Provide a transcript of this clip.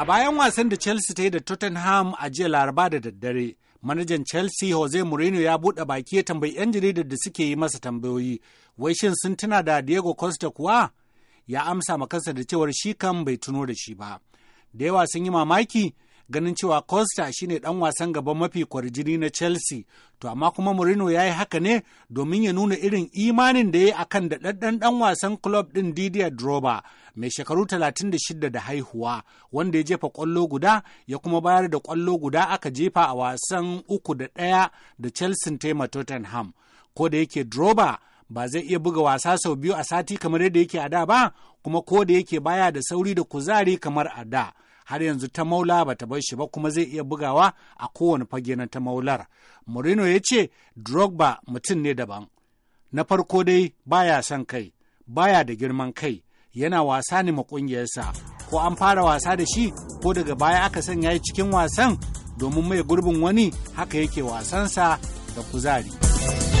A bayan wasan da Chelsea ta yi da Tottenham a jiya Laraba da daddare, manajan Chelsea Jose Mourinho ya buɗe baki ya tambayi 'yan jaridar da suke yi masa tambayoyi, wai shin sun tuna da Diego Costa kuwa? Ya amsa ma kansa da cewar shi kan bai tuno da shi ba. Da yawa sun yi mamaki ganin cewa Costa shine dan wasan gaba mafi kwarjini na Chelsea. To amma kuma Mourinho ya yi haka ne domin ya nuna irin imanin da ya yi akan daɗaɗɗen dan wasan club ɗin Didier Drogba mai shekaru 36 da haihuwa wanda ya jefa ƙwallo guda ya kuma bayar da ƙwallo guda aka jefa a wasan uku da ɗaya da Chelsea ta Tottenham. Ko da yake Drogba ba zai iya buga wasa sau biyu a sati kamar yadda yake a da ba kuma ko da yake baya da sauri da kuzari kamar a da har yanzu ta maula ba ta bar shi ba kuma zai iya bugawa a kowane fage na ta maular. Mourinho ya ce Drogba mutum ne daban. Na farko dai baya son kai, baya da girman kai, yana wasa ne ma Ko an fara wasa da shi ko daga baya aka sanya ya cikin wasan domin mai gurbin wani haka yake wasansa da kuzari.